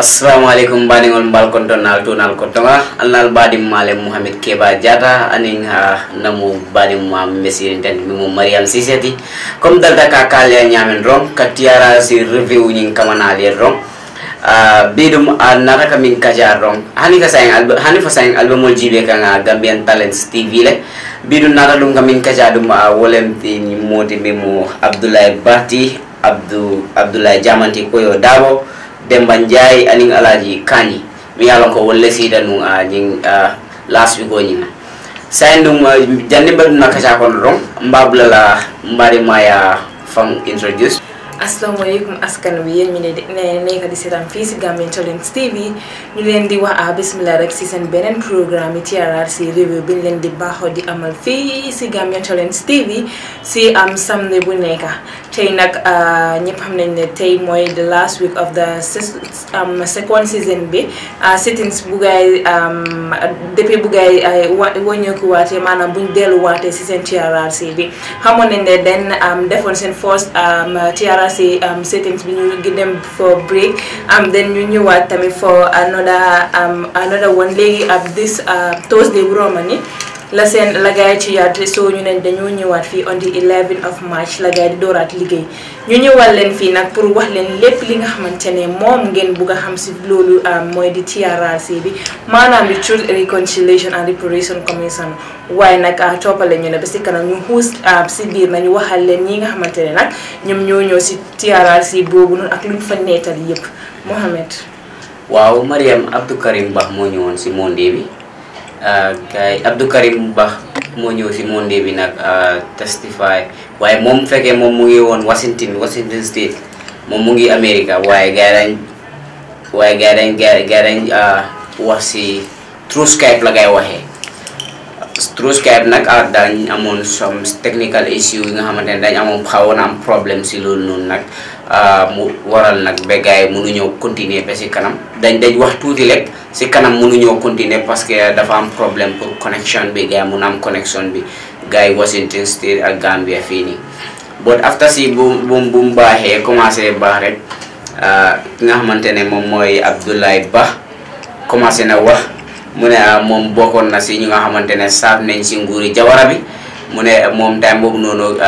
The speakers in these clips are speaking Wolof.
assalamu alaikum baningol mbal konto nal to nal konto nga alal badim male muhammad keba jata aning ha ah, namu badim ma mesir ten mi mu mariam siseti kom dalta ka ya nyamen rom katiara si review nyin kamanali rom a ah, bidum anara ah, naraka min kajar rom hani ka sayang albu hani fa sayang albu mol jibe ka nga gambian talents tv le bidum nara dum kami kaja kajar dum a wolem ti ni modi memo abdullahi bati abdu abdullahi jamanti koyo dabo demba njayi aning alaji kani mi yalon ko wolle sida nun a ah, nyin ah, last week o nyin sayin dum ah, jande bal na kacha kon rom mbabla la mbari maya fam introduce asalaamaaleykum askan wi yéen ñu ne ne nekk di seetaan fii si Gambian Talents TV ñu leen di wax a ah bismillah rek si seen beneen programme yi TRRC review bi ñu leen di baaxoo di amal fii si Gambian Talents TV si am samedi bu nekk tey nag ah, ñëpp xam nañ ne tey mooy the last week of the second season bi ah, sittings bu gaay depuis bu gaay wàññeekuwaatee maanaam buñ delluwaatee si seen TRRC bi xamoon nañ ne den defoon seen first TRRC si um, settings bi ñu ngi dem for break am um, then ñu ñëwaat tamit for another um, another one léegi ab this uh, Thursday bu romani la seen la gaay ci yaat soo ñu ne dañoo ñëwaat fii on the 11 of March la gaay di dooraat liggéey ñu ñëwal leen fii nag pour wax leen lépp li nga xamante ne moom ngeen bugg a xam si loolu euh, mooy di TRRC bi maanaam di Truth Reconciliation and Reparation Commission waaye nag euh, toppale ñu ne ba si kanam ñu xuus euh, si biir nañu waxal leen ñi nga xamante ne nag ñoom ñoo ñëw si TRRC boobu noonu ak luñ fa neetal yépp Mohamed. waaw Mariam Abdou Karim Bah moo ñëwoon si monde bi. Euh, kay Abdou Karim Ba moo ñëw si monde bi nag euh, testify waaye moom fekkee moom mu ngi woon Washington Washington State moom mu ngi America waaye gars dañ waaye gars dañ gars dañ euh, wax si through Skype la ngay waxee through Skype nag ah, dañ amoon some technical issue yi nga xamante ne dañ amoon xawoon am problème si loolu noonu nag Ah, mu waral nag ba gars yi ñoo continuer ba si kanam dañ dañ wax touti lek si kanam ñoo continuer parce que dafa am problème pour connection bi gars mu nam connection bi gars Washington State ak Gambia fii but after si bu bu bu mu commencé baax rek euh nga xamantene mom moy mooy Abdoulaye Ba commencé na wax mu ne ah, mom bokon na si ñu nga xamantene saaf nañ ci nguuri jawara bi mu ne mom time boobu noonu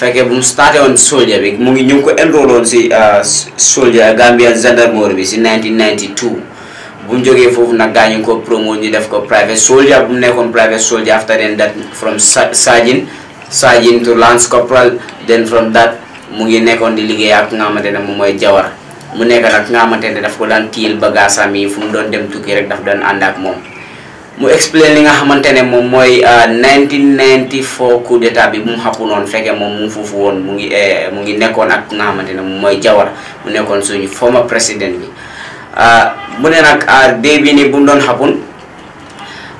fekke bu mu on soldier bi mu ngi ñuko enroll on si euh, soldier gambian gendarmerie bi ci 1992 bu joggé fofu foofu gañu ko promo ñi def ko private soldier bu nekkon private soldier after then that from sergeant sergeant to lance corporal then from that mu ngi nekkon di liggéey ak nga xamante ne moom jawar mu nekk nak nga xamante ne daf ko daan tiil bagage ami fu mu doon dem tukki rek daf doon ànd ak mu explain li nga xamante ne moom mooy 1994 euh, coup d' état bi mu xappu noonu fekke moom mu fuufu woon mu ngi euh, mu ngi nekkoon ak nga xamante ne moom mooy jawar mu nekkoon suñu former président bi euh, mu ne nag début ni bu mu doon xappun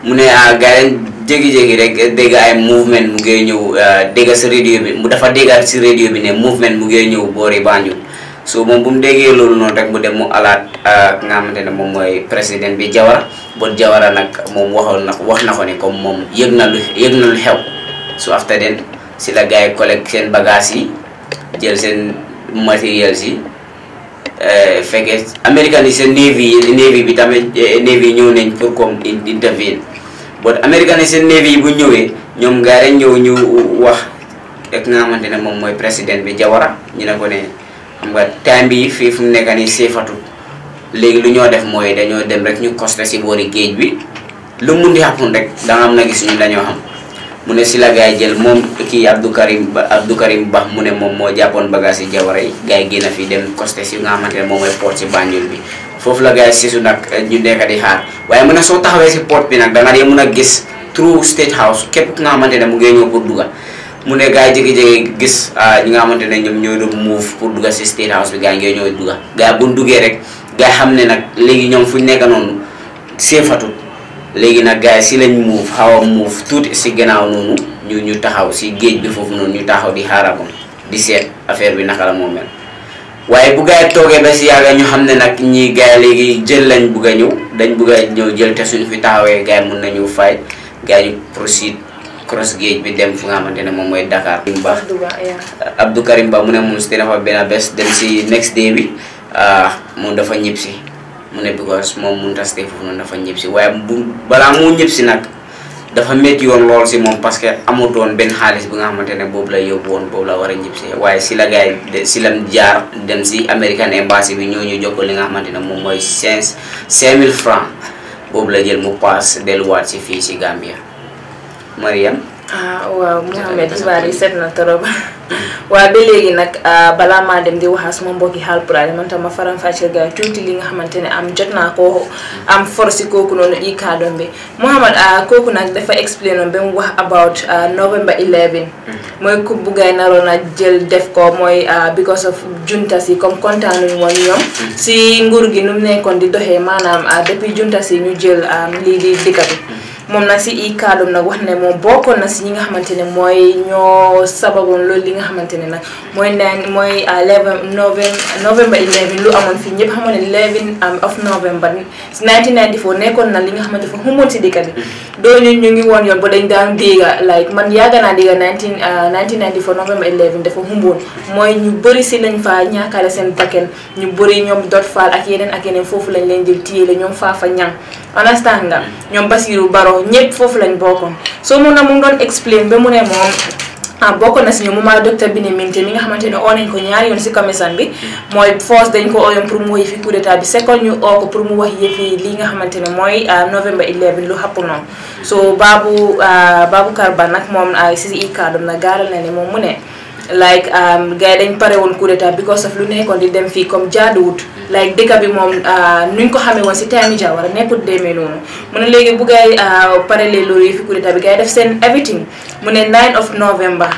mu ne gars yi jégi-jégi rek dégg ay mouvement mu ngi ñëw dégga si radio bi mu dafa déggaat si radio bi ne mouvement mu ngi ñëw boori Banjul so moom bu mu déggee loolu noonu rek mu dem mu alaat nga xamante ne moom mooy président bi jawar. bon jawara nag moom waxoon na wax na ko ne comme moom yëg na lu yëg xew su afta den si la gars yi collecte seen bagage yi jël seen matériel yi eh, fekkee américain yi seen navy yi bi tamit eh, navy yi ñëw nañ pour comme intervenir bon bu ñëwee ñoom gars rek ñëw ñu wax ak nga xamante ne moom mooy président bi jawara ñu ne ko ne xam nga time bi fii fu mu nekk nii légui lu ñoo def moy dañoo dem rek ñu costé ci boori geej bi lu mu ndi xapun rek nga am na gis ñu dañu xam mu ne si la jël mom ki abdou karim abdou karim bah mu ne mom mo japon bagage yi jawara yi gaay génn fi dem costé ci nga xamantene mom moy port si banjul bi fofu la gay sisu nak eh, ñu nekk di xaar waye mu ne so taxawé ci port bi da nga dee mu na gis through state house képp nga xamantene mu ngi ñoo pour duga mu ne gaay jigi jigi gis ah, ñi nga xamantene ñom ñoo move pour duga ci state house bi gaay ngee ñoo duga gaay bu ndugé rek nga hamne nak legi ñom fuñu nekk non sefatu legi nak gars si lañ mu faaw mu tout ci gënaaw gannaaw ñu ñu taxaw si geej bi fofu non ñu taxaw di haramu di seet affaire bi nakala mo mel waye bu gars toge ba si yàgg ñu xam nak ñi ñii legi jël lañ bu gañu dañ bu a ñew jël te suñu fi taxawé gars mu nañu fay ñu proceed cross gauge bi dem fu nga mom moy dakar bu Dakar. Abdou Karim Ba mu ne mu si dafa bena bes dem si next day bi. Eh, mo dafa ñib si mu ne because mom mu tas foofu noonu dafa ñib si waaye bu balaa ñib si nag dafa metti yoon lool ci mom parce que amut doon benn bi nga xamantene ne la won la wara ñib si si la gaay si lam jaar dem si American Embassy bi ñoo ñu jokkoo li nga xamantene mom moy 5000 francs la jël mu del wat ci fi ci Gambia Mariam. ah waaw Mouhamed Ibari set na toroba waaw ba léegi nag ah, balaa maa dem di waxaa suma mbokki Haalpulaar yi man tam ma faram-fàcceel gars yi tuuti li nga xamante ne am jot naa ko am forsi kooku noonu i kaadoom bi ah, kooku nag dafa explain noonu ba mu wax about ah, November 11 mm. mooy ku buggaay naroon a jël def ko mooy because of junta si comme kontaanuñ woon ñoom mm. si nguur gi nu mu nekkoon di doxee maanaam depuis junta si ñu jël lii di dëkk moom nag si i kaalum nag wax ne moom bokkoon na si ñi nga xamante ne mooy ñoo sababoon loolu li nga xamante ne nag mooy naan mooy ah, eleven novembre 11 lu amoon fii ñëpp xamoon ne 11 um, of novembre 1994 nekkoon na li nga xamante fa xumoon si dëkkat bi dooñu ñu ngi yoon ba dañ daan dégga like man yàgg naa dégga 19 1994 novembre 11 dafa xumboon mooy ñu bëri si lañ faa ñaakaale seen bakken ñu bëri ñoom dot faal ak yeneen ak yeneen foofu lañ leen jël téye la ñoom faafa ñang understand nga ñoom Basirou Baro ñëpp foofu lañ bokkoon soo mun na mu doon explain ba mu ne moom ah bokk na si ñoom mu ma docteur Biné Minteh mi nga xamante ni oo nañ ko ñaari yoon si commission bi mooy force dañ ko ooyoon pour mu wax bi second ñu oo ko pour mu wax yëf li nga xamante ne mooy ah, novembre 11 lu xapp noonu so Babou ah, Baboucar Ba nag moom ah, si i kàddu na gaaral na ne moom mu ne like um, gars yi dañ pare woon coup d'état because of lu nekkoon di dem fii comme jaaduwut like dëkk bi moom uh, nuñ ko xamee woon si time Jawara nekkut demee noonu mu ne léegi bu gars yi uh, pare lee loolu yi fi coup d'état bi gaa yi def seen everything mu ne 9 of November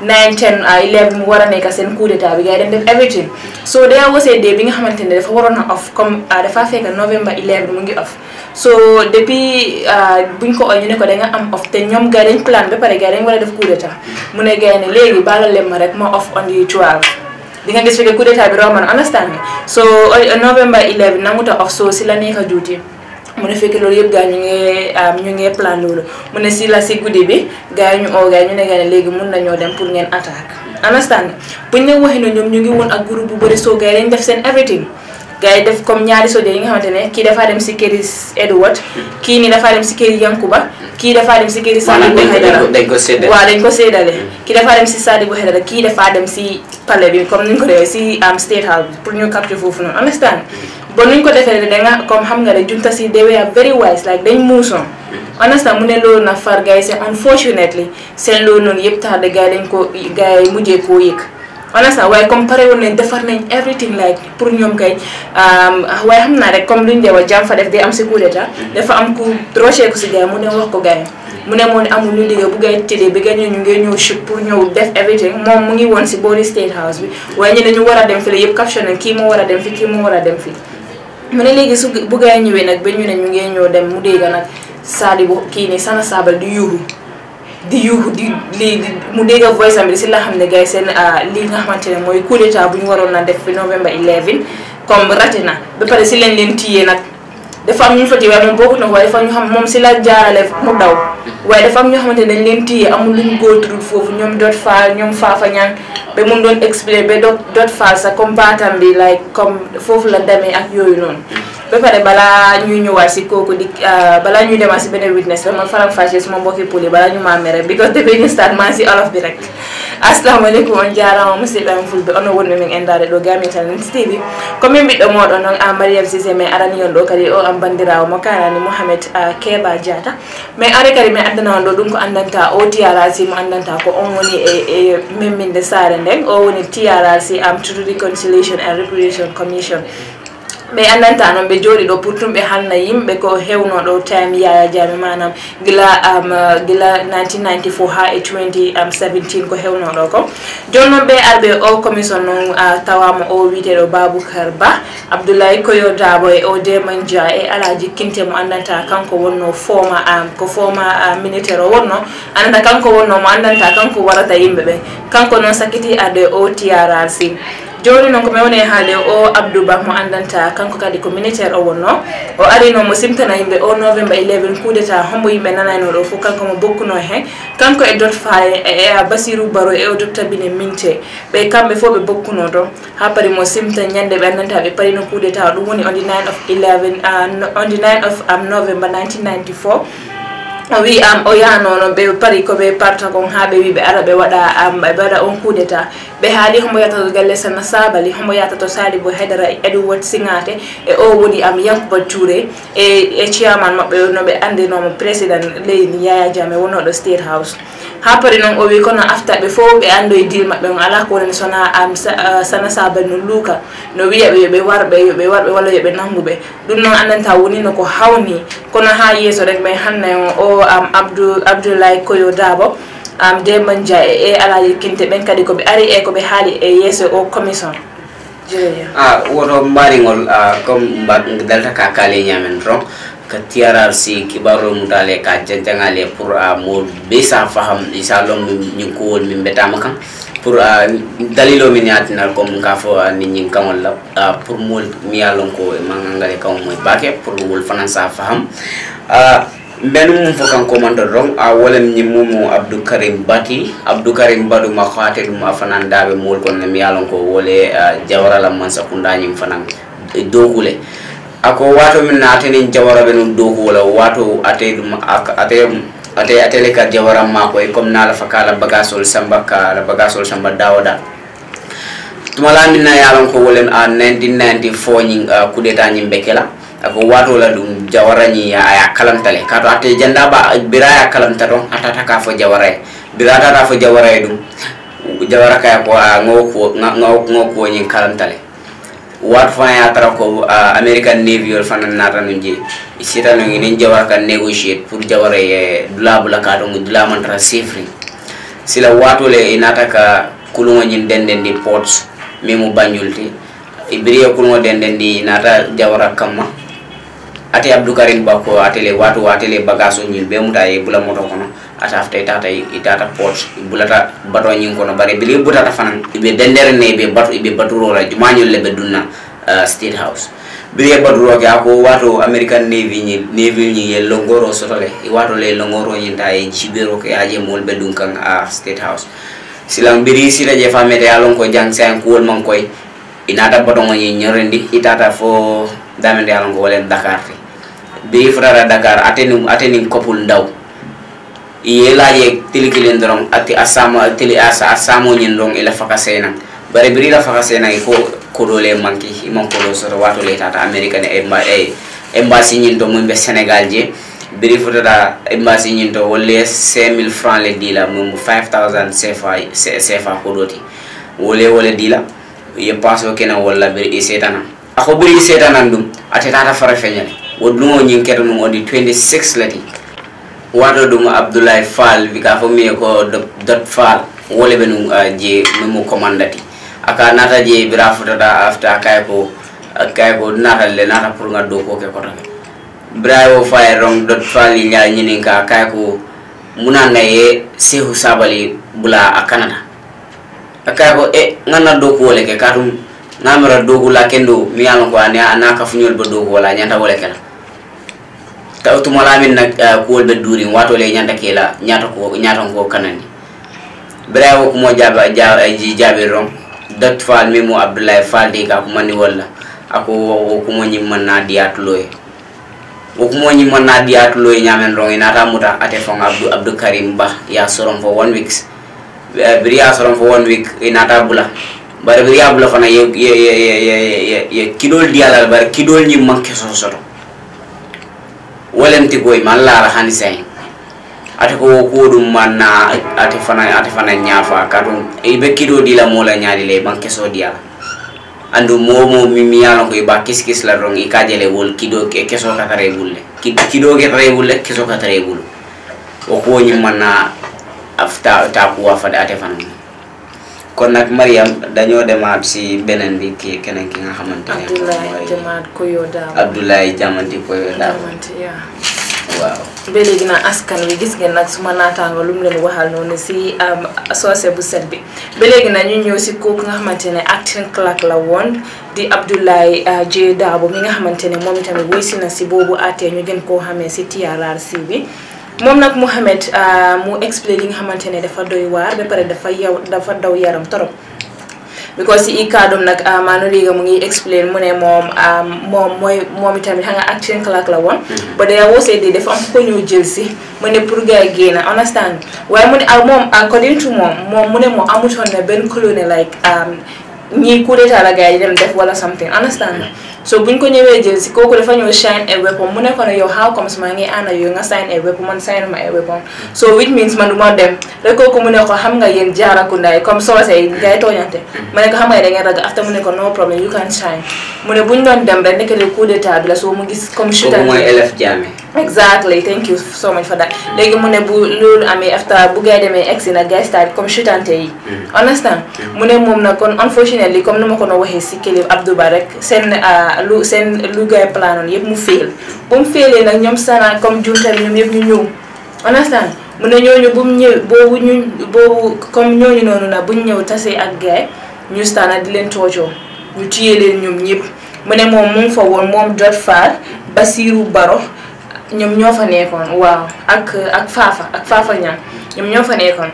9 10 11 mu war a nekk seen coup d'état bi gars dem def everything so day was a day bi nga xamante ne dafa waroon a off comme uh, dafa fekk novembre 11 mu ngi off so depuis uh, buñ ko oy ñu ne ko da nga am off te ñoom gars yi dañ plan ba pare gars yi dañ war a def coup d'état mu ne gars yi ne léegi baalal leen ma rek ma off on the 12 gis fekk coup d'état bi romb na understand so uh, novembre 11 nangu ta off so si la nekk duuti mu ne fekk loolu yëpp gars ñu ngi ah, ñu ngi plan loolu mu ne si la si guddi bi gars yi ñu oo gars yi ne gars ne léegi mun nañoo dem pour ngeen attaque understand buñ ne waxee ne ñoom ñu ngi woon ak groupe bu bëri soo gars yi dañ def seen everything gaa yi def comme ñaari soje yi nga xamante ne kii dafaa dem si këri Edward kii nii dafaa dem si këri Yankuba kii dafaa si këri Sadibou Haidara waaw dañ ko séddale kii dafaa dem si Sadibou Haidara kii dafaa dem si palais bi comme ni ñu ko defee si am state house pour ñu capture foofu noonu understand but nuñ ko defee da nga comme xam nga ne junta si they were very wise like dañ muusoon understand mu ne loolu na far gars yi seen unfortunately seen loolu noonu yëpp tax de gars yi dañ ko gars yi mujjee koo yëg understand waaye comme pare woon nañ defar nañ everything pour ñoom kay um, waaye naa rek comme luñ dee wax jàmm fa am si coup am ku rochee mu ne wax ko gars mu ne moo ne ñu ngi ñëw chute pour ñëw def everything moom mu ngi woon si boori state house bi waaye ñu ne ñu war dem fi la yëpp caption nañ kii moo war a dem fi kii moo war a dem fi mu ne léegi su bu gaa yi ñëwee nag ba ñu ne ñu ngee ñoo dem mu dégg nag Sadibou kii nii Sana Sabally di yuuxu di yuuxu di lii mu dégg voice am bi si la xam ne gars yi seen ah, lii nga xamante ne mooy coup d'état bu ñu waroon na def novembre 11 comme raté na ba pare si leen leen tiyee nag dafa am ñu fa téye waaye moom bokkut na ko waaye dafa ñu xam moom si la jaarale mu daw. waaye dafa am ñoo xamante ne dañ leen téye amul foofu ñoom Dot Fall ñoom Fafa Niang ba mu doon expliqué ba Dot Dot Fall sa comme baatam bi like comme foofu la demee ak yooyu noon ba pare balaa ñëwaat si kooku di ah, balaa ñuy demaat si beneen witness la man faram fàccee suma mbokki poli balaa ñu maa mere bi because dafay ñu start maa si olof bi rek. assalamualeykum on jarama musidɗo am fulɓe ono wonɗumen endade ɗo gamin talents tv ko min ɓiɗɗo moɗo noon a ah, mariam sisé mais arani on ɗo kadi o oh, am bandirawo mo karani mouhamed ah, keba diata mais ari addana ɗo ɗum ko andanta o trc mo andanta ko on woni e e memminde saare nden o woni trc am to reconciliation and reparation commission ɓe andanta noon ɓe jooɗi ɗo pour tumɓe hanna yimɓe ko heewno ɗo time yaya jaami manam gila um, gila 1994 ha e 2017 um, ko heewno ɗo ko joni noon ɓe arɓe o commission noon uh, tawama o wiiteɗo baboucar ba abdoulaye koyo dabo e o deman dia e ala jikkinte mo andanta kanko wonno foma um, ko foma uh, militaire o wonno andanta kanko wonno mo andanta kanko warata yimɓe ɓe kanko noon sakkiti arɗe o tiarar si joni noon komi woni e haale o abdou ba mo andanta kanko kadi ko ministére o wonno o ari noon mo simtana yimɓe o novembre eleven coup d' état hombo yimɓe nanano ɗo fof kanko mo bokkuno hen kanko e dot fa e, e, e a basirou baro e o doctabine minte ɓe kamɓe fof ɓe bokkuno ɗo ha pari mo simta ñande ɓe andanta ɓe parino coup d' état ɗum woni on the 9 of 11 on the 9 of um, novembre 1994 o wi am o yahanono ɓe pari koɓe parta kon ha ɓe wi ɓe ara ɓe waɗa am ɓe waɗa on coup d' état ɓe haali homo yatato galle sana sabali homo yatato salibo haydara e edward singate e o woni am yankuba touré e e chairman maɓɓe no ɓe andinoma président leydi yaya jame wonoɗo state house ha pari noon o wi kono aftaɓe fof ɓe anndo e dil maɓɓe on ala ko woni sona am sana sabali no luuka no wiyaɓe yoɓe warɓe yoɓe warɓe walla yoɓe nangguɓe ɗum noon andanta wonino ko hawni kono ha yeeso ɗen ɓe hannayon o am abdou abdoulaye koyo dabo am Demba Ndiaye e Alaji Kinte ɓen kadi koɓe ari e koɓe haali e yesso o commission a woto mbaarigol comme dalta ka kaali ñamen ron ka tiyarar si kibarol mutale ka jajangale pour mo be sa faham isa lom ñing ko won min betama kan pour dalilo min yatinal comme ka fo ni ñing kamol la pour mol mi yalon ko e mangangale kam moy bake pour wol fanan sa faham ben mum fokan komando rong ah, a wolem ñi mumu abdou karim bati abdou karim badu ma khatel ma fanan dabe mol kon ne miyalon ko wole ah, jawara la man sakunda ñim fanan eh, dogule ako wato min natenin jawara be non dogu wala wato ate dum ate ate ate le ka jawara ma ko eh, comme na la fakala bagasol samba ka la bagasol samba dawada tumala min na yalon ko wolen a ah, 1994 ñi kudeta ñim bekela ko wato la ɗum jawara ñi aya kalamtale kato ate janda ba bira ya kalamta ton atata ka fo jawaray e bira atata fo jawaray e ɗum jawara kaya ko a ŋo kuwo ñin kalamtale wato fana ya tara ko uh, american navy yol fana nata nun je sita nun inen jawara ka negotiate pour jawara ye dula bula ka ɗon dula mantara sefri sila wato le inata ka kuluŋo ñin denden di ports min mu banjulti ibiriye kuluŋo denden di nata jawara kamma ate abdou karim bako atele watu atele bagasu ñil be muta ye bula moto kono ata afta itata itata port bulata bato ñin kono bare bile butata fanan ibe dendere ne be bato ibe bato ro la jumañol le be dunna euh, state house bi le bato ro ga ko watu american navy ñi navy ñi ye longoro sotole i watu le longoro ñi ta ye jibero ke aje mol be dun kan a state house silang biri sila je famete alon ko jang sen kuol man koy inata bato ñi ñorendi itata fo damende alon ko wolen dakar fi be frara dakar ateni ateni kopul ndaw iye laje tili kilen dorong ati asamo tili asa asamo nyen dong ila faka sena bare biri la faka sena ko le manki imon do soro watu le tata amerika ne emba e embassy nyen dong mbe senegal je biri da embassy nyen to wolle 5000 francs le dila mum 5000 sefa sefa kodoti wolle wolle dila ye passo kena wala biri setana ako biri setana dum ati tata fara fenyale wodumo ñiŋ keta nuŋ odi 26 lati ti waato dumu abdoulaye fall bi ka fo miŋ ko dot fall wole le nuŋ je miŋ mu aka nata naata je bira futata afta a kaye ko kaye ko le naata pour ŋa doo ko ke kota le bira wo faye rong dot fall i ñaa ñiniŋ ka kaye ko muna nga ye sehu sabali bula a kanata a kaye ko e eh, ŋa na doo ke katum naa mera dooku la kendo miŋ ye a loŋ ko aniŋ a naa kafuñolu be dooku wala ñanta wo ke la ka tumala min na uh, kuwol ɓe duurin wato le ñanta kela ñata ko ñatan ko kanani bira ko kumo jaabe ji jaabe ron dat fal mi mo abdoulaye fal de ka kumani walla ako o kumo ñimman na diyatulo e o kumo ñimman na diyatulo e ñamen ron inata muta ate fon abdou abdou karim ba ya sorom fo one weeks biri ya soron fo one week inata bula bare biri ya bula fana ye ye ye ye ye kidol diyalal bare kidol ñimman soto ti goy man lara hani sen ate ko kodum man na ate fana ate fana nyafa kadum e be kido dila mola nyaali le man keso dia andu momo mi mi yalon ko iba kis kis la rong ikajele wol kido ke keso ka tare bulle kido ke tare bulle keso ka tare bulu o ko nyi man na afta ta kuwa fada ate fana kon nag Mariam dañoo demaat si beneen bi kii keneen ki nga xamante ne Abdoulaye Demaat Koyo Daaw Abdoulaye Diamanti askan wi gis ngeen nag suma naataango lu mu leen waxal noonu si um, soose bu set bi ba léegi nag ñu si kooku nga xamante ne acting clerk la woon di Abdoulaye uh, J Daabo mi nga xamante ne moom itamit wuy si na si boobu àttee ñu gën koo xamee si TRRC bi moom nag Mouhamed euh, mu expliqué li nga xamante ne dafa doy waar ba pare dafa yow dafa daw yaram torop because i kaadum nag euh, maanu liiga mu ngi explain mu ne moom euh, moom mooy moom itamit xam nga action clerk la woon mm-hmm. ba day woosee di dafa am ko ñëw jël si mu ne pour gars yi génn understand waaye mu ne ak ah, moom according to moom moom mu ne moom amutoon na benn colonel like ñii coup d'état la gars yi dem def wala something understand so buñ ko ñëwee jël si kooku dafa ñëw sign a weapon mu ne ko ne yow how comes maa ngi ànd ak yow nga sign a weapon a weapon so which means man du dem rek kooku mu ne ko xam nga yéen jaarakundaay comme soose yi ngay tooñante mm-hmm. ma ne ko xam nga da ngeen after mu ne ko no problem you can sign mu ne buñ doon dem rek nekk de coup d'état bi la soo mu gis comme chutan mooy exactly thank you so mm-hmm. Mm-hmm. mu ne moom na kon unfortunately comme nu ko no waxee lu sen lu gay planoon yëpp mu fail bu mu failee nag ñoom saraan comme junta bi ñoom ñu ñëw understand mu ne ñooñu bu mu ñëw boobu ñu boobu comme ñooñu noonu nag bu ñu ñëw tasee ak gaay ñu stana di leen toojoo ñu téye leen ñoom ñëpp mu ne moom mu ngi fa woon moom Jot Faal Basiru Baro ñoom ñoo fa nekkoon waaw ak ak Faafa ak Faafa ñaan ñoom ñoo fa nekkoon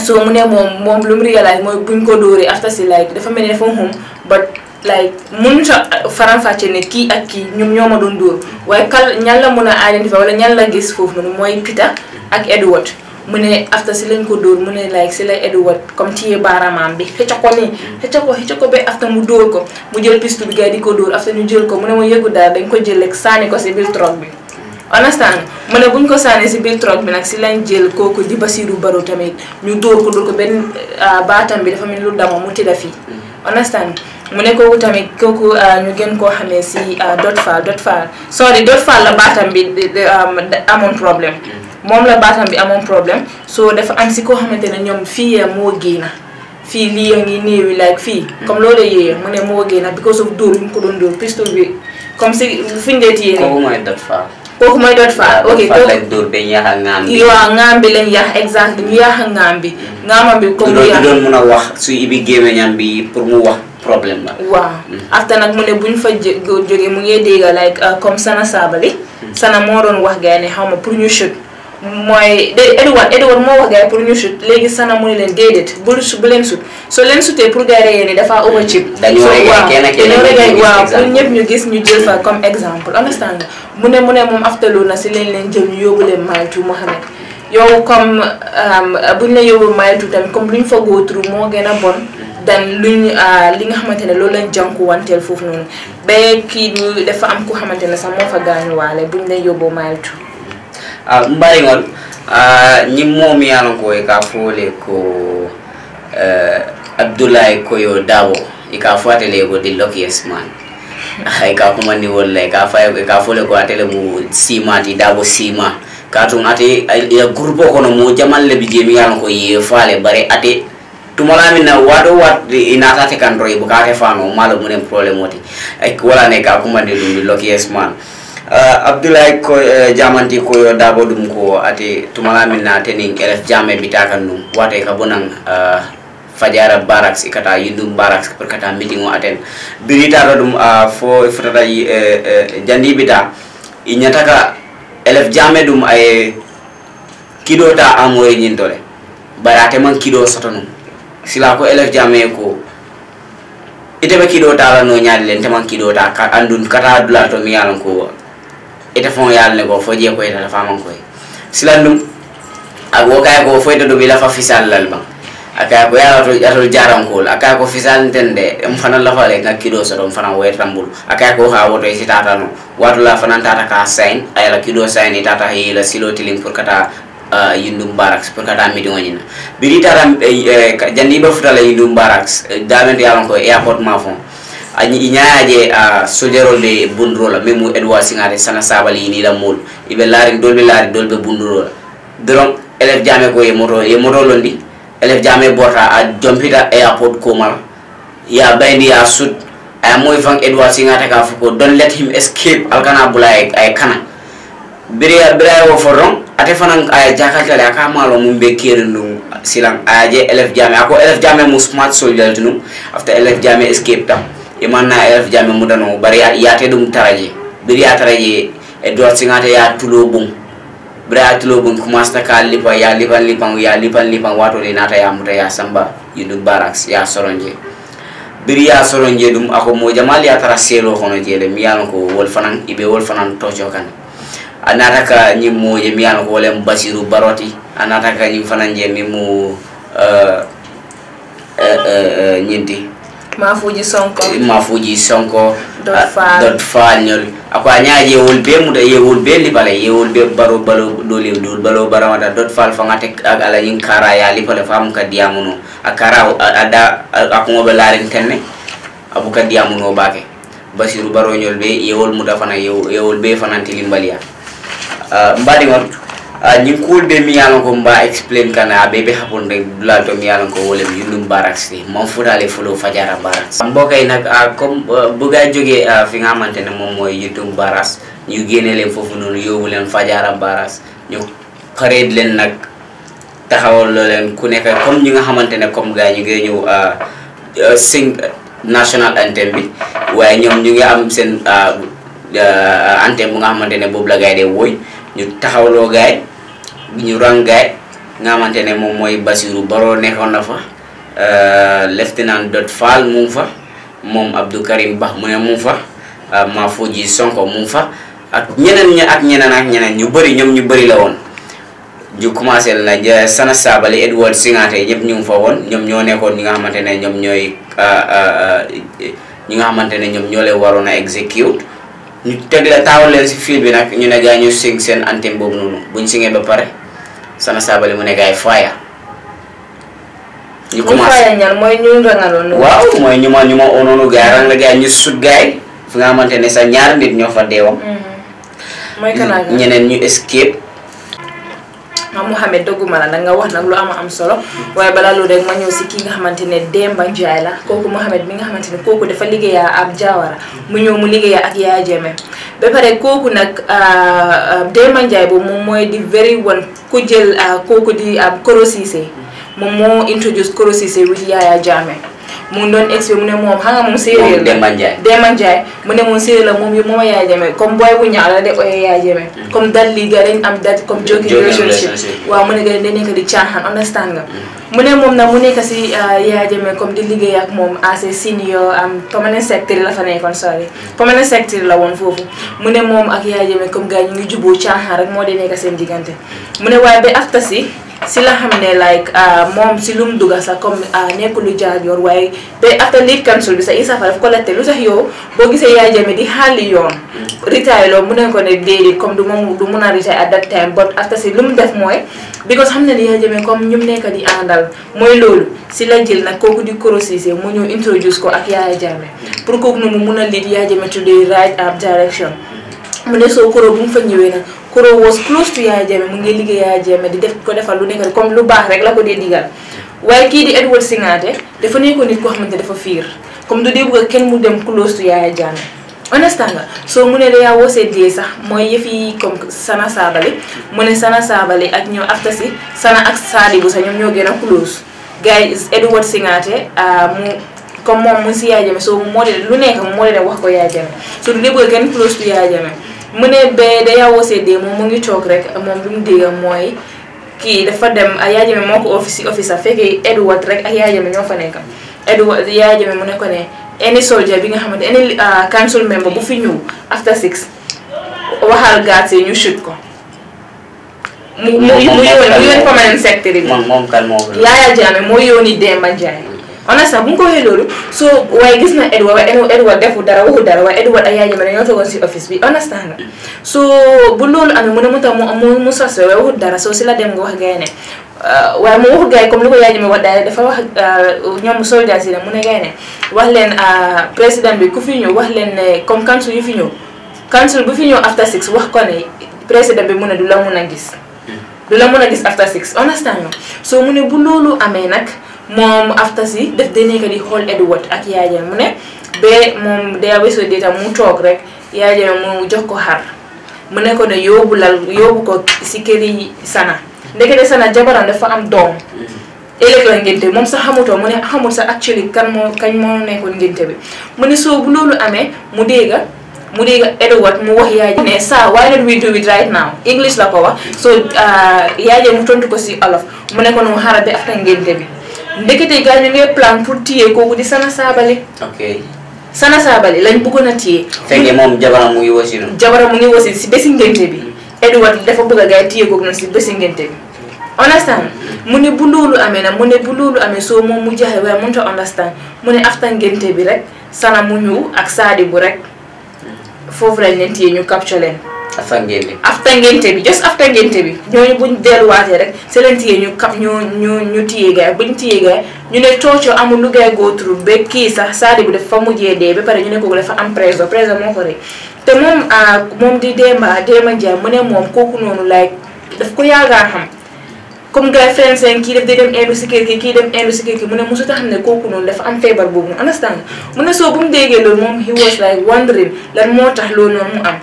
so mu ne moom moom lu mu réalise mooy buñ ko dóoree after si like dafa mel ne dafa hum but like mun sa uh, faram-fàcce ne kii ak kii ñoom ñoo ma doon dóor waaye kal ñan la mun a identifier wala ñan la gis foofu noonu mooy Peter ak Edward mu ne after si lañ ko dóor mu ne like si la Edward comme téye baaramaam bi xëcc ko nii xëcc ko xëcc ko ba after mu dóor ko mu jël piste bi gars di ko dóor after ñu jël ko mu ne ma yëgu daal dañ ko jël saani ko si biir truck bi understand mu ne buñ ko sànnee si biir truck bi nag si lañ jël kooku di Basiru Baro tamit ñu dóor ko dóor ko benn uh, baatam bi dafa mel lu dama mu tëdda fii understand mu ne kooku tamit kooku euh, ñu gën koo xamee si euh, Dot Fall Dot Fall sorry Dot Fall la baatam bi euh, amoon problème moom la baatam bi amoon problème soo dafa am si koo xamante ne ñoom fii yee moo génn fii lii ya ngi néewi like fii comme loolu yéeye mu moo génn because of dóor bi mu ko doon dóor pistol bi comme si fuñ dee téye kooku mooy Dot Fall kooku mooy Dot Fall ok kooku lañ dóor ba ñu yàq ak ŋaam bi waaw bi lañ yàq exact ñu yàq ak ŋaam bi ŋaamam bi comme du wax su ibi gémmiñam bi pour mu wax problème la. waaw mm-hmm. after nag mu ne bu ñu fa jógee mu ngi dégg like uh, comme Sana Sabally. Mm-hmm. Sana moo doon wax gaa yi ne xam ma pour ñu chute. mooy pour ñu léegi Sana mu ne leen déedéet bul bu leen sut so leen sutee pour gars yi ni dafa over cheap. Mm-hmm. dañoo rëggee ñëpp ñu gis ñu jël fa comme exemple understand nga mu ne mu ne moom after loolu na si leen leen jël ñu yóbbu leen Mile Two Mohamed yow comme um, bu ñu la yóbbu Mile Two tamit comme lu ñu fa go through moo gën a bon. dan luñ ah, li nga xamante ne loolu lañ jànku wanteel foofu noonu ba kii ñu dafa am ku xamante sax moo fa gaañuwaale buñ lay yóbboo mile two ah, mbaringol ah, ñi moom yalanko e ka foole ko eh, abdoulaye koyo dawo e ka foatele ko the luckiest man ay ka kumandi wolla e ka fay ka foole ko atele mu sima ti dawo sima katum ate ya groupe kono mo jamal le bi jemi yalanko ye faale bare ate tumala min na wado wat inata te kan roy buka ke fano malo munen problem wati ay wala ne ka kuma de dum loki yes man uh, abdullahi ko uh, jamanti ko yo uh, dabo dum ko ate tumala min na tenin kelef jame bitakan dum wate ka bonan uh, fajara barracks ikata yindum barracks perkata meeting o aten birita dum uh, fo fotata yi uh, uh, jandi bita inyata ka elef jame dum ay kidota amoy nyintole barate man kido sotanum sila ko elef jame ko ite be kido tala no nyaal len taman kido ta ka andun kata dula to mi yalan ko ite fon yal ne ko fo je ko ita fa man ko sila ndum ak wo kay ko fo ite do bi la fa fisal lal bang akay ko yalla to yalla jaram ko akay ko fisal tende am fana la fa le na kido so dum fana wo tambul akay ko ha wo to isi tata no wadula la fana tata ka sain ay la kido sign tata hi la silo tilim pour kata uh, eh, yindum barracks pour kata meeting wani biri taram eh, eh, jandi ba futala yindum barracks eh, damen yalon ko airport mafon ani inyaaje a uh, sojerol be bundrola memu edwa singare sana sabali ni la mul ibe laari dolbe laari dolbe bundrola drom elef jame ko ye moto ye moto londi elef jame borta a jompita airport ko mala ya bayni ya sud ay moy fang edwa singata ka fuko don let him escape alkana bulay ay kana biri biri wo foron ate fanan aya eh, jakatale aka malo mum be kere ndu silang aya eh, je elef jame ako elef jame mu smart soldier tunu after elef jame escape tam imanna e elef jame mu dano bari yate dum taraje biri ya taraje e singate ya tulo bum bari ya tulo bum commence ta ka lipa ya lipan lipan ya lipan lipan wato de nata ya muta ya samba yindu barracks ya soronje biri ya soronje dum ako mo jamal ya tara selo hono jele mi yalon ko wol fanan ibe wol fanan tocho kan anata ka ñimmu je mi basiru baroti anata ka ñim fanan je mi mu ñinti eh, eh, eh, mafuji sonko mafuji sonko dot ah, fañol ako anya je wol be mu da ye wol be li bala ye wol be baro balo do le do balo baramata dot fal fa ngate ak ala yin kara ya li pale fam ka diamuno akara ada ako be laren tenne abu ka diamuno bake basiru baro nyol be ye wol mu fana ye wol be fana tilimbaliya Euh, mbaɗigol euh, ñin kuul be mi yalan ko mba explain kana abe ah, be hapon de dulal to mi yalan ko wolem yundum barracks ni man futale fulo fajara barracks mbokay nak ah, comme euh, buga joge fi nga xamante ne moom mooy yundum barracks ñu génne leen foofu noonu yóbbu leen fajara barracks ñu pareet leen nag taxawal leen ku nekk comme ñi nga xamante ne comme gars ñu ngi ñëw sing national anthem bi waaye ñoom ñu ngi am seen anthem bu nga xamante ne boobu la gars yi ñu taxawloo gaay bi ñu rang gaay nga xamante ne moom mooy Basirou baroo nekkoon na fa euh, lieutenant Dot Fall mu ngi fa moom Abdou Karim Ba mu ne mu ngi fa euh, Mahfoudji Sonko mu fa ak ñeneen ak ñeneen ak ñeneen ñu bëri ñoom ñu bëri la woon ñu commencé la ja Sana Sabali Edward Singate ñëpp ñu ngi fa woon ñoom ñoo nekkoon ñi nga xamante ne ñoom ñooy euh, ñi nga xamante ne ñoom ñoo leen waroon a execute ñu teg la taawal leen si fil bi nag ñu ne gaa ñu sing seen antenne boobu noonu buñ singee ba pare Sana Sabally mu ne gaa yi faaya ñu commencé faaya ñan mooy ñu waaw mooy ñu ma ñu ma onoonu gaa yi rangal gaa ñu sut gaa yi fi nga xamante ne sa nit ñoo fa deewam mm-hmm. ñeneen ñu escape ma Mouhamed dogguma la nag nga wax nag lu am am solo waaye balaa loolu rek ma ñëw si ki nga xamante ne Demba Ndiaye la kooku Mouhamed mi nga xamante ne kooku dafa liggéeyaa ab Jawara mu ñëw mu liggéeyaa ak Yaya Jammeh ba pare kooku nag ah, ah, Demba Ndiaye boobu moom mooy di very one ku jël ah, kooku di Koro Ceesay moom moo introduce Koro Ceesay with Yaya Jammeh mu ngi doon expliqué mu ne moom moom séeréer la Demba Ndiaye Demba Ndiaye mu comme liggéey ak moom as a senior um, la fa nekkoon sorry permanent secretary la woon foofu mu ne moom ak Yaya Jammeh comme gars ñu ngi juboo caaxaan rek moo dee nekk seen diggante mu ne waaye ba after si si la xam ne like ah, moom si lu mu dugg sax comme ah, nekk lu jaar yoon waaye ba after lead council bi sax Essa Faye daf ko laajte lu tax yow boo gisee Yaya Jammeh di xaali yoon. retire loo mu ne ko ne déedéet comme du moom du mun a retire at that time but mooy. because xam na ne Yaya Jammeh comme ñu nekk di àndal mooy loolu si la jël nag kooku di Koro Ceesay mu ñëw introduce ko ak Yaya Jammeh pour kooku nu mu mun a lead Yaya Jammeh to the right ah, direction mu ne soo Koro bu mu fa ñëwee nag. kuro was close to yaya jame mu ngi liggéey yaya jame di def ko defal lu nekk comme lu bax rek la ko di digal waye ki di edward singate dafa ko nit ko xamante dafa fiir comme du dee bëgg ken mu dem close to yaya jame honestement so mu ne da yaa woosee sax moy comme sana sabali mu ne sana sabali ak ñoo aftasi sana ak saalibu sa ñom ñoo gëna close Guys edward singate ah, mu comme mom mu si jame so mu modé lu nekk mu modé wax ko ya jame so du dee bëgg kenn close to yaay jame mu ne ba Daya Wose de moom mu ngi toog rek moom lu mu dégg mooy kii dafa dem a Yaya Jammeh moo ko office office a fekkee Edward rek ak Yaya Jammeh ñoo fa nekk Edward Yaya Jammeh mu ne ko ne bi nga xamante any uh, council member bu fi ñëw ñu shoot ko. mu mu mu yónni mu moom moom kan moo. moo yónni Demba honnêtement bu ñu ko waxee loolu soo waaye gis na Edouard waaye Edouard defu dara waxu dara waaye Edouard ak yaay ji ma si office bi honnêtement nga soo bu loolu amee mu ne mu tax mu mu sos waaye dara soo si la dem nga wax gars ne uh, waaye mu waxu gars comme li ko yaay ji ma wax daal dafa wax uh, ñoom soldats yi ne mu leen uh, président bi ku fi wax leen ne comme council yu fi ñëw council bu fi ñëw after wax ko ne président bi mu ne du la mun a gis mm. du la mun a gis after six soo mu bu loolu amee nag moom after si def de nekk di xool Edward ak Yaya mu ne bee moom day weesoo dee tam mu toog rek Yaya Jammeh mu jox ko xar mu ne ko ne yóbbu lal yóbbu ko si këri Sana ndekete Sana jabaram dafa am doom ëllëg la ngénte sax xamutoo mu ne xamul sax actually kan moo kañ moo nekkoon ngénte bi mu ne soo bu loolu amee mu dégga mu dégg Edward mu wax yaay ne saa why don't we do it right now English la ko wax so ah, yaay mu tontu ko si olof mu ne ko nu xaaral bi after ngénte bi ndekete gars yi ñu ngi plan pour téye kooku di Sana Sabally. ok Sana Sabally lañ bëggoon na téye. fekkee moom jabaram mu ngi wasinu. jabaram mu ngi wasinu si bési ngénte bi. Mm-hmm. Edouard dafa bëgg a gars yi téye kooku noonu si bési ngénte bi. understand mm-hmm. mu ne bu lu amee na mu ne bu loolu amee soo moom mu jaxe waaye mënut a understand mu ne after ngénte bi rek Sana mu ñëw ak bu rek mm-hmm. foofu lañ leen téye ñu capture after ngénte after ngénte bi just after ngénte bi ñooñu buñ delluwaatee rek se leen ñu kap ñu ñu ñu tiyee gaay buñ tiyee gaay ñu ne coocoo amul lu gaay go through ba kii sax saadi bi dafa mujjee dee ba pare ñu ne kooku dafa am préso préso moo ko rey te moom ah, moom di Demba Demba Ndiaye mu ne moom kooku noonu laay daf ko yaagaa xam comme gars yi kii def day dem indu si kër gi kii dem indu si kër gi mu ne mosut a xam ne kooku noonu dafa am feebar boobu mu understand mu ne soo bu mu déggee loolu moom he was like wondering lan moo tax loolu noonu am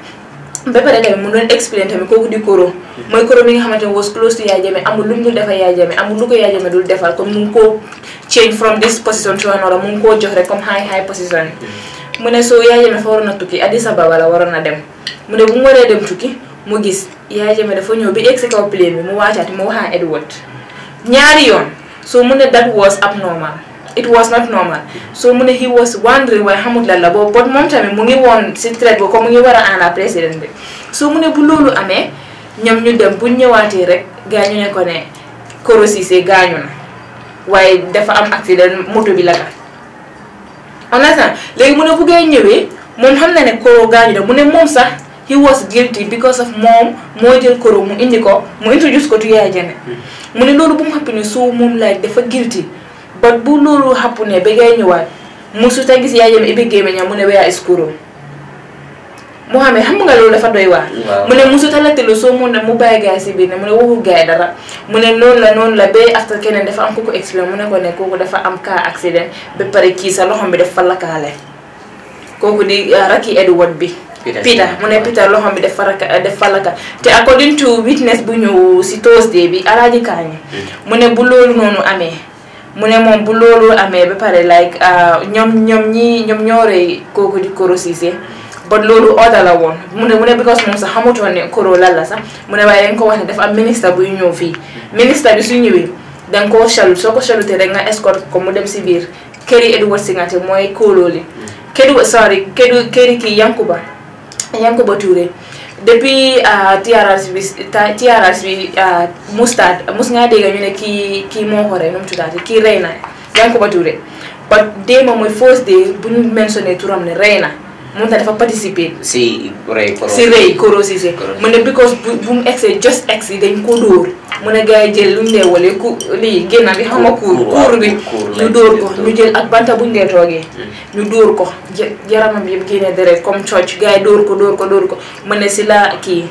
ba pare tamit mu doon explain tamit kooku di koro mooy koro bi nga xamante ne was close to Yaya Jammeh amul lu mu dul defal Yaya Jammeh amul lu ko Yaya Jammeh dul defal comme mu ngi koo change from mu koo jox rek comme high high position mm-hmm. mu ne soo Yaya Jammeh fa waroon a tukki Addis Ababa la waroon a dem mu ne mu mu waree dem tukki mu gis Yaya Jammeh dafa ñëw bi egg si kaw plane bi mu waacaati mu waxaa Edward ñaari yoon soo mu ne that was abnormal it was not normal so mu ne he was wondering waaye xamut lan la boobu but moom tamit ngi woon si traite boobu comme mu a ànd bi so mu ne bu loolu amee ñoom ñu dem bu ñëwaatee rek gaañu ne ko ne Koro gaañu na waaye dafa am accident moto bi la ka on understand léegi mu ne bu ngay ñëwee moom xam na ne Koro gaañu na mu ne moom sax he was guilty because of moom moo jël Koro mu indi ko mu introduce ko hmm. mu ne loolu bu mu xampi ne so moom laaj dafa guilty but bu loolu xappu ne ba ngay ñëwaat musuta gis yaayam ibi gémmiñam mu ne where is Kuro moo xam ne xam nga loolu dafa doy waar mu ne musuta la tëlu soo mun ne mu bàyyi gaay si biir ne mu ne waxul gaay dara mu ne noonu la noonu la ba after keneen dafa am ku ko expliqué mu ne ko ne kooku dafa am cas accident ba pare kii sa loxom bi daf fa lakkaale kooku di ah, Rakki Edward bi Peter mu ne Peter loxom bi daf fa rakka daf fa lakka te bu ñëw si bi alaaji Kaañ mu ne bu loolu noonu amee mu ne moom bu loolu amee ba pare like ah, ñoom ñoom ñi ñoom ñooree kooku di Koro but loolu order la woon mu ne mu ne because moom sax xamutoon ne Koro lan la sax mu ne waaye dañ ko wax ne dafa am ministre buy ñëw fii ministre bi su ñëwee da nga koo chalut soo ko chalutee rek nga escorte ko mu dem si biir këri Edward Singate mooy kóoloo li këri sorry këri këri kii Yankuba Yankuba Touré depuis TRRC euh, TRRC bi euh, Moustad mus nga dégg ñu ne ki ki moo ko rey nu mu tuddaati kii rey na yaa ngi ko ba tuure but déema mooy first day bu ñu mentionné turam ne rey na moom dafa participer. si rëy Koro si rëy Koro Cissé. mu ne because bu bu mu egsee just egsi dañ ko dóor. mu ne gaa yi jël lu ñu dee wale ku lii génn bi xam nga kuur kuur bi ñu dóor ko ñu jël ak banta bu buñ dee toogee. Hmm. ñu dóor ko yaramam yëpp génnee deret comme cocc gars yi dóor ko dóor ko dóor ko mu ne si la kii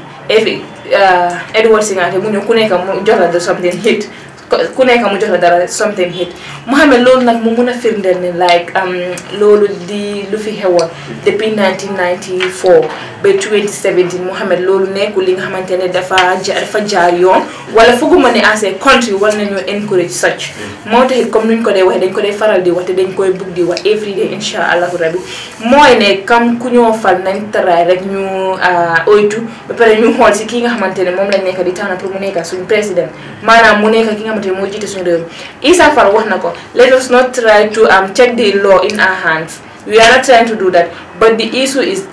ah, Edward Singate mu ñëw ku nekk mu jox la de something hit. ku nekk mu jox la dara something hit mu xamee loolu nag mu mun a firndeel ne like um, loolu di lu fi xewoon depuis 1994 ba 2017 mu xamee loolu nekkul li nga xamante ne dafa jaar dafa jaar yoon wala fooguma ne as a country war nañoo encourage such moo taxit comme nuñ ko dee waxee dañ ko dee faral di wax dañ koy bugg di wax every day incha allahu rabi mooy ne kam ku ñoo fal nañ taraay rek ñu uh, oytu ba pare ñu xool si ki nga xamante ne moom lañ nekk di tànn pour mu nekk suñu xamante ni mooy jiite suñu réew mi Essa Faye wax na ko let us not try to um, take the law in our hands we are not trying to do that but the issue is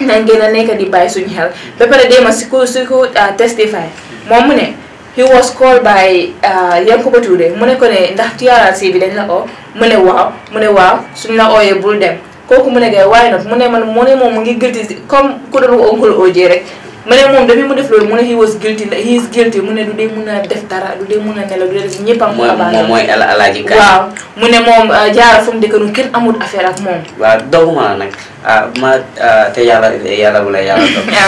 nañ gën a nekk di bàyyi suñu xel ba pare dee ma si ku si ku uh, testify moom mu ne he was called by uh, Yankuba Touré mu ne ko ne ndax TRRC bi dañ la oo mu ne waaw mu ne waaw suñ la ooyee bul dem kooku mu ne gay waaye nag mu ne man mu ne moom mu ngi guilty comme ku doon oncle OJ rek ma ne moom depuis mu def loolu mu ne he was guilty la he is guilty mu ne du dee mun a def dara du dee mun a nelaw du dee def ñëpp a. mu abandon moom mooy alaaji Ka. waaw mu ne moom euh, jaara fu mu dëkk nu kenn amul affaire ak moom. waaw doguma la nag ah ma ah, te yàlla yàlla bu la yàlla dog.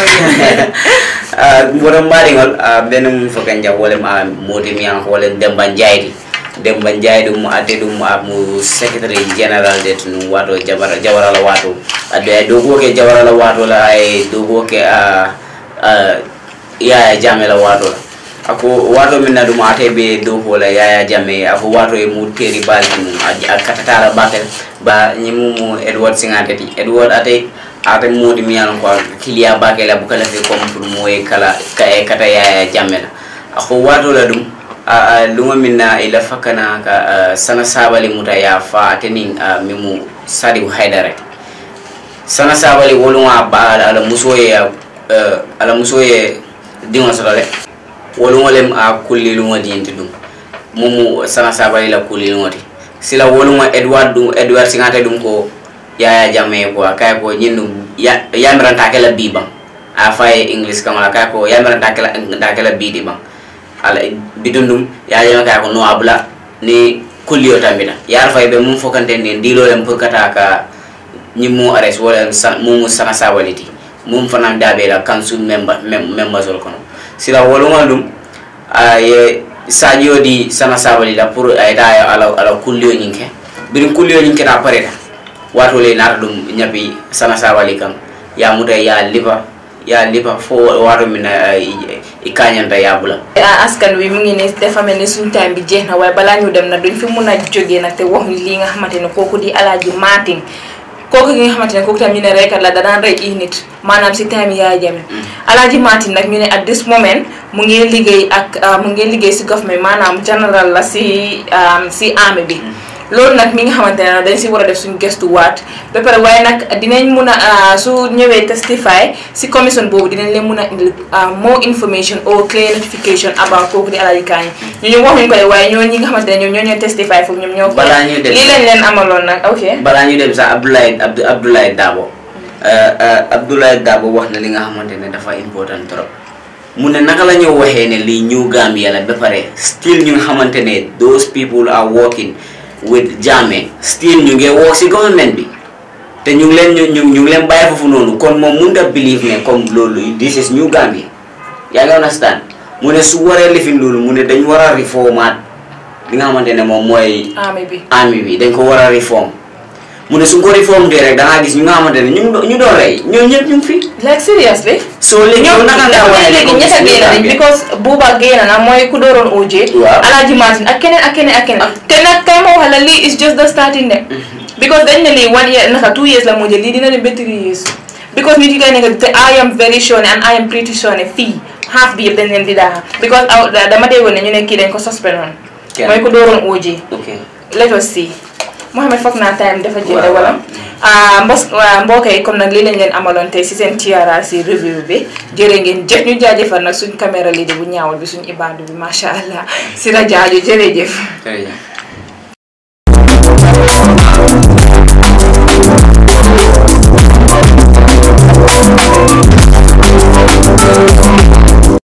ah mbooloo Mbariñol ah, benn mu fa ka njaboot wala ma ah, Mody Miang wala Demba Ndiaye di. Demba Ndiaye ɗum adde ɗum mo secrétaire général de to ɗum wato jabarala wato adde ay dow goke jabarala wato la ay dow goke a yaya jame la wato la ako wato min na ɗum be dow hola yaya jame ako wato e mu teri balti mum a katatara batel ba ñimumu edward singantati edward atay ate modi mi yalon ko kiliya bake la bu kala fe comme pour moye kala ka e kata yaya jame la ako wato la ɗum luma min na ila fakana ka sana sabali muta ya fa atenin mimu sadi haydara sana sabali woluma ba ala musoye uh, ala muso ye diŋo soto le woluŋo lem a kulliluŋo diñinti duŋ mumu sana sabali la kulliluŋo ti sila woluŋo edward duŋ edward siŋate duŋ ko yaya jamme ko a kaye ko ñin duŋ yamiranta ke la bii baŋ a fa ye english kaŋo la kaye ko yamiranta ke la bii di baŋ ala bitun duŋ yaya jamme kaye ko no abla ni kulliyo tambina yaar fay be mum fokanten nin lem pour kata ka ñimmu ares wala mumu sana sabaliti mum fana da be la council member member zol kono sila wolongo dum ay ah, sadio di sana sabali la pour ay da ala ala kulliyo nyinke birin kulliyo nyinke na pare da wato le nar dum nyabi sana sabali kam ya muda ya liba ya liba fo wato min ah, i kañanta yabula askan wi mu ngi ne dafa mel sun suñ time bi jehna way bala ñu dem na duñ fi mun a nak te li nga xamante ne di alaaji matin kooku gi nga xamante ne kooku tam ñu ne reykat la da daan rey ay nit maanaam si time Yaya Jammeh Alaaji Matin nag ñu ne at this moment mu ngi liggéey ak ah, mu ngi liggéey si government maanaam général la si ah, si armée bi loolu nag mi nga xamante ne dañ si war a def suñu gëstuwaat ba pare waaye nag dinañ mun a ah, su ñëwee testify si commission boobu dinañ leen mun a indil ah, more information or clear notification about kooku di Alaaji Kani ñu ñoom waxuñu ko de ñoo ñi nga xamante ne ñoom ñoo ñoo testify foofu ñoom ñoo. balaa ñuy dem lii lañ leen amaloon nag ok. balaa ñuy dem sax Abdoulaye Abdoulaye Dabo eh, eh, Abdoulaye Dabo wax na li nga xamante ne dafa important trop. mu ne naka la ñu waxee ne lii ñu Gambia la ba pare still ñu nga xamante ne those people are working. with Jammeh still ñu ngi woo si government bi te ñu ngi leen ñu ñu ngi leen bàyyi noonu kon moom mun nga believe ne comme loolu this is new Gambia yaa ngi understand mu ne su waree lifin loolu mu ne dañ war a reformaat li nga xamante ne moom mooy. army bi army bi dañ ko war a reform. mu ne su góor yi foom dee rek gis ñu nga xamante ne ñu ñu doon rey ñoo ñëpp ñu ngi fi. like seriously. soo léegi yow naka nga waaye léegi ñett a génn nañ because Buuba génn na mooy ku dooroon j waaw Alaaji Maasin ak keneen ak keneen ak keneen. te nag kay ma wax la lii is just the starting de. Mm-hmm. because dañ ne lii one year naka two years la moo jël lii dina dem ba three years. because nit yi kay nekk te I am very sure ne and I am pretty sure ne fii half bi yëpp dañ leen di daaxa because dama déggoon ne ñu ne kii dañ ko suspend woon. mooy ku dooroon Mouhamed foog naa time dafa jeex wala ah, mbos ah, mbokk yi comme nag lii lañ leen amaloon tey si seen TRRC review bi jërë ngeen jëf ñu jaajëfal nag suñ caméra lii di bu ñaawal bi suñ ibaadu bi macha allah si rajo jërëjëf. jërëjëf.